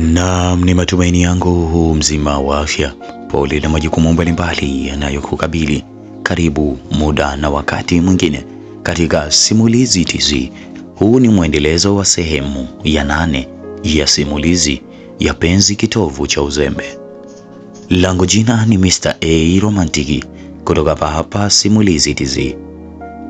Naam, ni matumaini yangu huu mzima wa afya, pole na majukumu mbalimbali yanayokukabili. Karibu muda na wakati mwingine katika Simulizi Tz. Huu ni mwendelezo wa sehemu ya nane ya simulizi ya penzi kitovu cha uzembe. Lango jina ni Mr. A Romantiki kutoka hapa Simulizi Tz.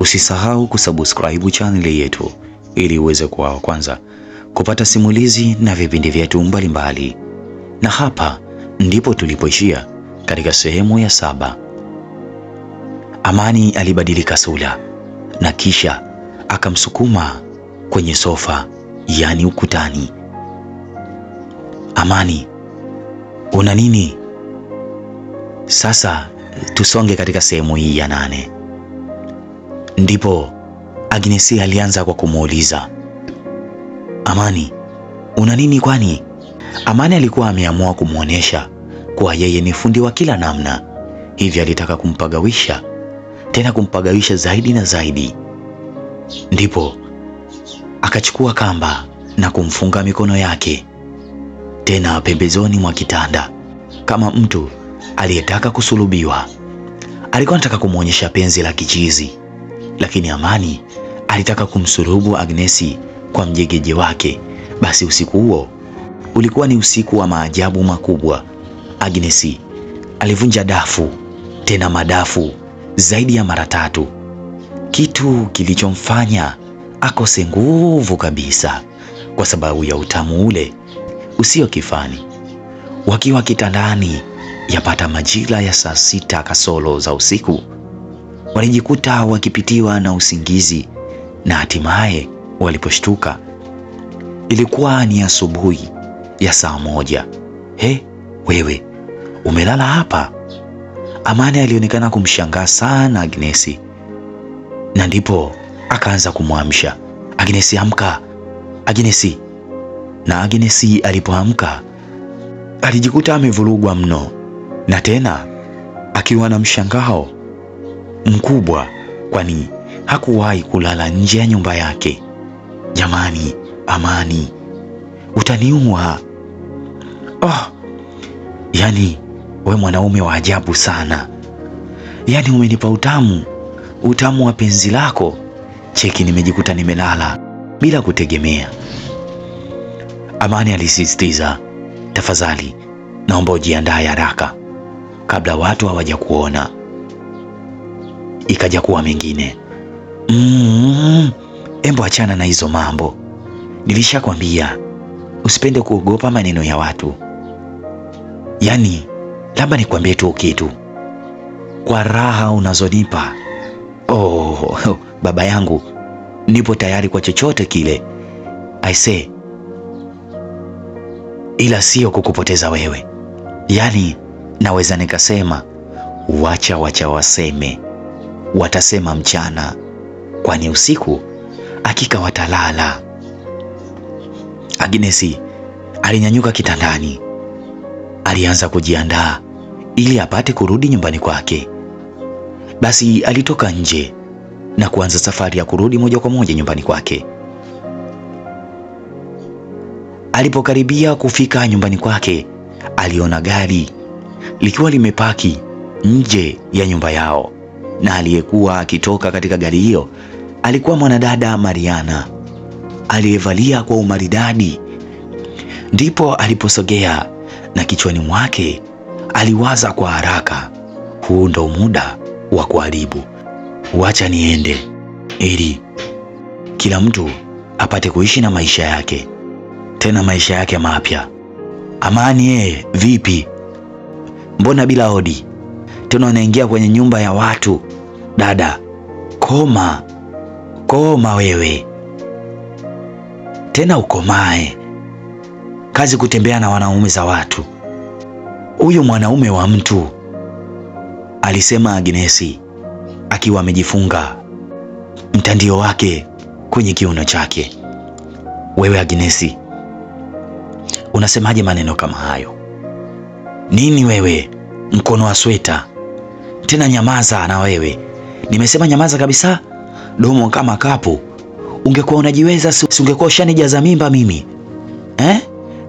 Usisahau kusubscribe chaneli yetu ili uweze kuwa wa kwanza kupata simulizi na vipindi vyetu mbalimbali. Na hapa ndipo tulipoishia katika sehemu ya saba. Amani alibadilika sura na kisha akamsukuma kwenye sofa, yaani ukutani. Amani, una nini? Sasa tusonge katika sehemu hii ya nane. Ndipo Agnesi alianza kwa kumuuliza Amani, una nini kwani? Amani alikuwa ameamua kumwonyesha kuwa yeye ni fundi wa kila namna, hivyo alitaka kumpagawisha tena kumpagawisha zaidi na zaidi. Ndipo akachukua kamba na kumfunga mikono yake tena pembezoni mwa kitanda kama mtu aliyetaka kusulubiwa. Alikuwa anataka kumwonyesha penzi la kichizi, lakini Amani alitaka kumsulubu Agnesi kwa mjegeje wake. Basi usiku huo ulikuwa ni usiku wa maajabu makubwa. Agnes alivunja dafu, tena madafu zaidi ya mara tatu, kitu kilichomfanya akose nguvu kabisa kwa sababu ya utamu ule usio kifani. Wakiwa kitandani yapata majira ya saa sita kasoro za usiku, walijikuta wakipitiwa na usingizi na hatimaye Waliposhtuka ilikuwa ni asubuhi ya, saa moja. He, wewe umelala hapa? Amani alionekana kumshangaa sana Agnesi, na ndipo akaanza kumwamsha Agnesi, amka Agnesi. Na Agnesi alipoamka alijikuta amevurugwa mno, na tena akiwa na mshangao mkubwa, kwani hakuwahi kulala nje ya nyumba yake. Jamani, Amani, utaniua! Oh, yani we mwanaume wa ajabu sana, yani umenipa utamu, utamu wa penzi lako. Cheki, nimejikuta nimelala bila kutegemea. Amani alisisitiza, tafadhali naomba ujiandae haraka kabla watu hawajakuona Ikaja kuwa mengine mm. Embo, achana na hizo mambo. Nilishakwambia usipende kuogopa maneno ya watu. Yaani, labda nikwambie tu kitu kwa raha unazonipa. Oh, baba yangu, nipo tayari kwa chochote kile aise, ila sio kukupoteza wewe. Yaani naweza nikasema wacha wacha waseme, watasema mchana, kwani usiku hakika watalala. Agnesi alinyanyuka kitandani, alianza kujiandaa ili apate kurudi nyumbani kwake. Basi alitoka nje na kuanza safari ya kurudi moja kwa moja nyumbani kwake. Alipokaribia kufika nyumbani kwake, aliona gari likiwa limepaki nje ya nyumba yao, na aliyekuwa akitoka katika gari hiyo alikuwa mwanadada Mariana aliyevalia kwa umaridadi. Ndipo aliposogea na kichwani mwake aliwaza kwa haraka, huu ndo muda wa kuharibu, wacha niende ili kila mtu apate kuishi na maisha yake, tena maisha yake mapya. Amani yeye vipi? Mbona bila hodi tena, anaingia kwenye nyumba ya watu? Dada koma koma wewe tena ukomae. Kazi kutembea na wanaume za watu. Huyo mwanaume wa mtu, alisema Agnesi akiwa amejifunga mtandio wake kwenye kiuno chake. Wewe Agnesi, unasemaje maneno kama hayo? Nini wewe, mkono wa sweta tena? Nyamaza na wewe, nimesema nyamaza kabisa domo kama kapu. Ungekuwa unajiweza, si ungekuwa ushanijaza mimba mimi eh?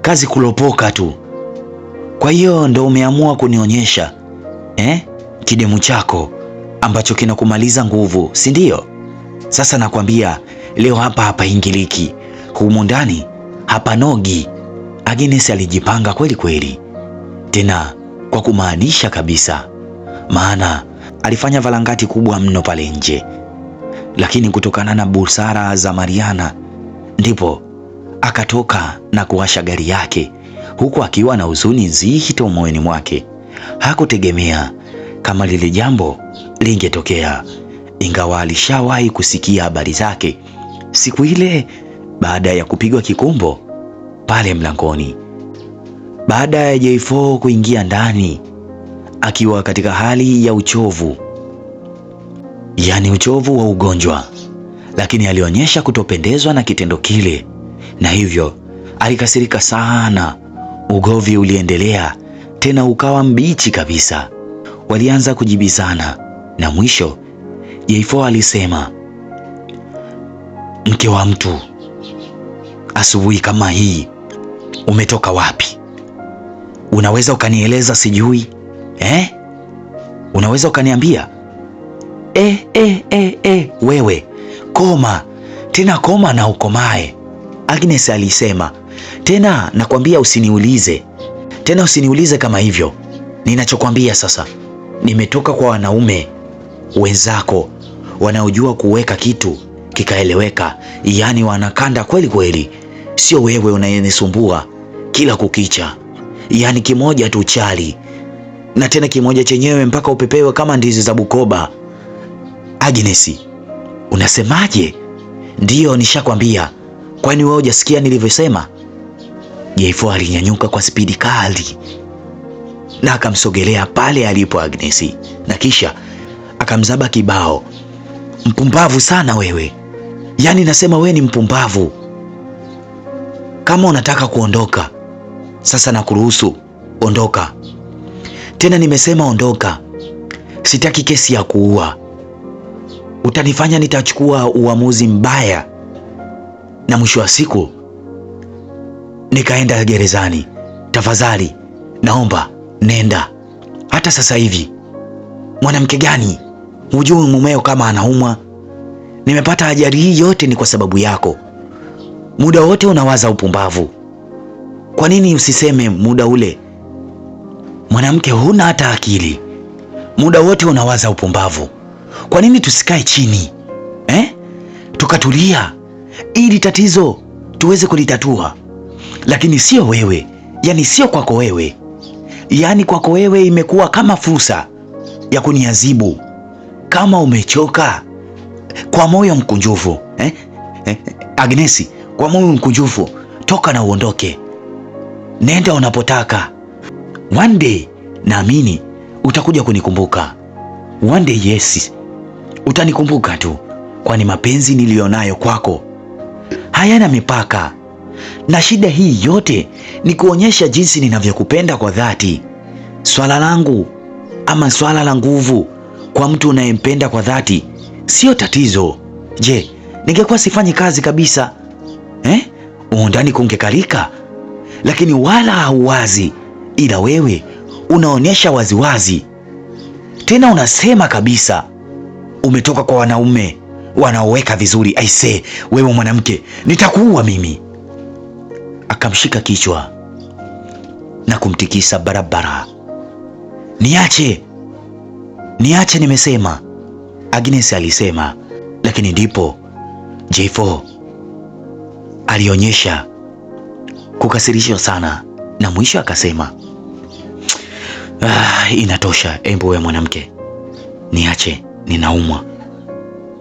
Kazi kulopoka tu. Kwa hiyo ndo umeamua kunionyesha eh, kidemu chako ambacho kinakumaliza nguvu, si ndio? Sasa nakwambia leo hapa hapa ingiliki humu ndani hapa nogi. Agnes alijipanga kweli kweli, tena kwa kumaanisha kabisa, maana alifanya valangati kubwa mno pale nje lakini kutokana na busara za Mariana ndipo akatoka na kuwasha gari yake huku akiwa na huzuni nzito moyoni mwake. Hakutegemea kama lile jambo lingetokea, ingawa alishawahi kusikia habari zake siku ile baada ya kupigwa kikumbo pale mlangoni. Baada ya J4 kuingia ndani akiwa katika hali ya uchovu yaani uchovu wa ugonjwa, lakini alionyesha kutopendezwa na kitendo kile, na hivyo alikasirika sana. Ugovi uliendelea tena ukawa mbichi kabisa. Walianza kujibizana na mwisho yeifo alisema, mke wa mtu, asubuhi kama hii umetoka wapi? Unaweza ukanieleza sijui eh? Unaweza ukaniambia e, e, e, e, wewe koma tena, koma na ukomae. Agnes alisema tena, nakwambia usiniulize tena, usiniulize kama hivyo. Ninachokwambia sasa, nimetoka kwa wanaume wenzako wanaojua kuweka kitu kikaeleweka, yaani wanakanda kweli kweli, sio wewe unayenisumbua kila kukicha, yaani kimoja tu chali na tena kimoja chenyewe mpaka upepewe kama ndizi za Bukoba. Agnes, unasemaje? Ndiyo, nishakwambia. Kwani wewe hujasikia nilivyosema? Jaifo alinyanyuka kwa spidi kali na akamsogelea pale alipo Agnes na kisha akamzaba kibao. Mpumbavu sana wewe, yaani nasema wewe ni mpumbavu. Kama unataka kuondoka sasa, nakuruhusu ondoka. Tena nimesema ondoka, sitaki kesi ya kuua utanifanya nitachukua uamuzi mbaya, na mwisho wa siku nikaenda gerezani. Tafadhali naomba nenda. Hata sasa hivi mwanamke gani hujui mumeo kama anaumwa? Nimepata ajali hii yote ni kwa sababu yako. Muda wote unawaza upumbavu. Kwa nini usiseme muda ule? Mwanamke, huna hata akili. Muda wote unawaza upumbavu. Kwa nini tusikae chini eh? Tukatulia ili tatizo tuweze kulitatua, lakini sio wewe, yani sio kwako wewe, yani kwako wewe imekuwa kama fursa ya kuniazibu Kama umechoka kwa moyo mkunjufu eh? Eh? Agnesi, kwa moyo mkunjufu toka na uondoke, nenda unapotaka. One day naamini utakuja kunikumbuka one day, yes utanikumbuka tu, kwani mapenzi niliyonayo kwako hayana mipaka, na shida hii yote ni kuonyesha jinsi ninavyokupenda kwa dhati. Swala langu ama swala la nguvu kwa mtu unayempenda kwa dhati sio tatizo. Je, ningekuwa sifanyi kazi kabisa eh? Uundani kungekalika, lakini wala hauwazi, ila wewe unaonyesha waziwazi, tena unasema kabisa umetoka kwa wanaume wanaoweka vizuri. Aise wewe mwanamke, nitakuua mimi! Akamshika kichwa na kumtikisa barabara. Niache, niache, nimesema, Agnes alisema, lakini ndipo J4 alionyesha kukasirishwa sana na mwisho akasema, ah, inatosha. Embo ya mwanamke, niache ninaumwa.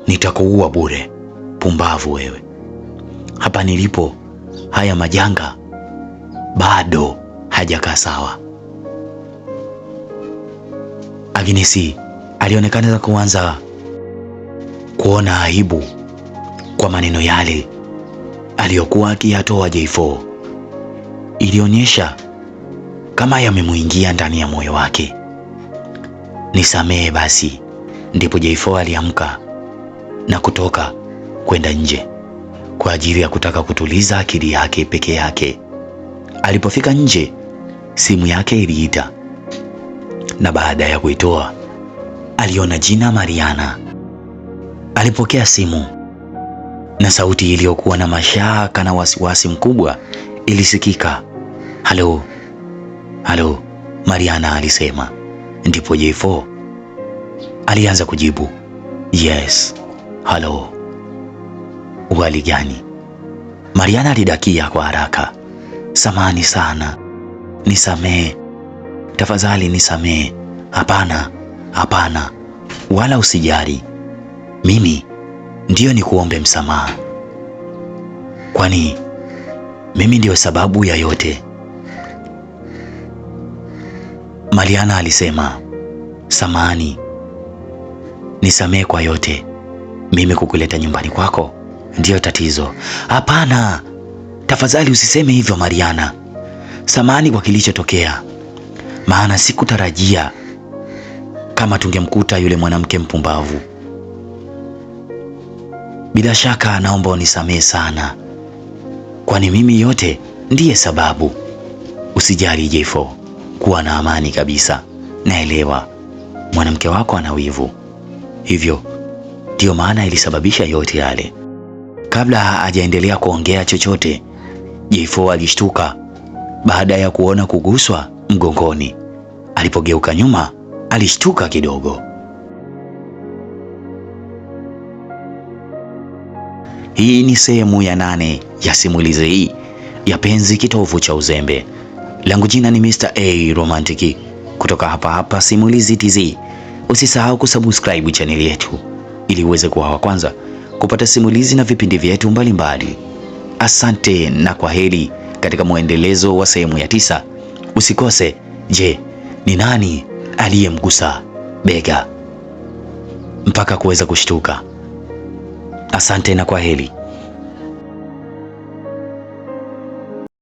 Nitakuua bure, pumbavu wewe. Hapa nilipo, haya majanga bado hajakaa sawa. Agnesi alionekana kuanza kuona aibu kwa maneno yale aliyokuwa akiyatoa J4. Ilionyesha kama yamemwingia ndani ya moyo wake. Nisamehe basi Ndipo J4 aliamka na kutoka kwenda nje kwa ajili ya kutaka kutuliza akili yake peke yake. Alipofika nje, simu yake iliita, na baada ya kuitoa aliona jina Mariana. Alipokea simu na sauti iliyokuwa na mashaka na wasiwasi mkubwa ilisikika. Halo, halo, Mariana alisema. Ndipo J4 Alianza kujibu yes, halo, ugali gani? Mariana alidakia kwa haraka, samani sana, nisamee tafadhali, nisamee. Hapana, hapana, wala usijali, mimi ndiyo nikuombe msamaha, kwani mimi ndiyo sababu ya yote. Mariana alisema samani nisamehe kwa yote. Mimi kukuleta nyumbani kwako ndiyo tatizo. Hapana, tafadhali usiseme hivyo Mariana. Samahani kwa kilichotokea, maana sikutarajia kama tungemkuta yule mwanamke mpumbavu. Bila shaka, naomba unisamehe sana, kwani mimi yote ndiye sababu. Usijali Jefo, kuwa na amani kabisa. Naelewa mwanamke wako ana wivu hivyo ndiyo maana ilisababisha yote yale. Kabla hajaendelea kuongea chochote, J4 alishtuka baada ya kuona kuguswa mgongoni. Alipogeuka nyuma, alishtuka kidogo. Hii ni sehemu ya nane ya simulizi hii ya Penzi Kitovu cha Uzembe. Langu jina ni Mr. A romantic kutoka hapa hapa Simulizi Tz. Usisahau kusubscribe chaneli yetu ili uweze kuwa wa kwanza kupata simulizi na vipindi vyetu mbalimbali. Asante na kwa heri katika mwendelezo wa sehemu ya tisa. Usikose. Je, ni nani aliyemgusa bega mpaka kuweza kushtuka? Asante na kwa heri.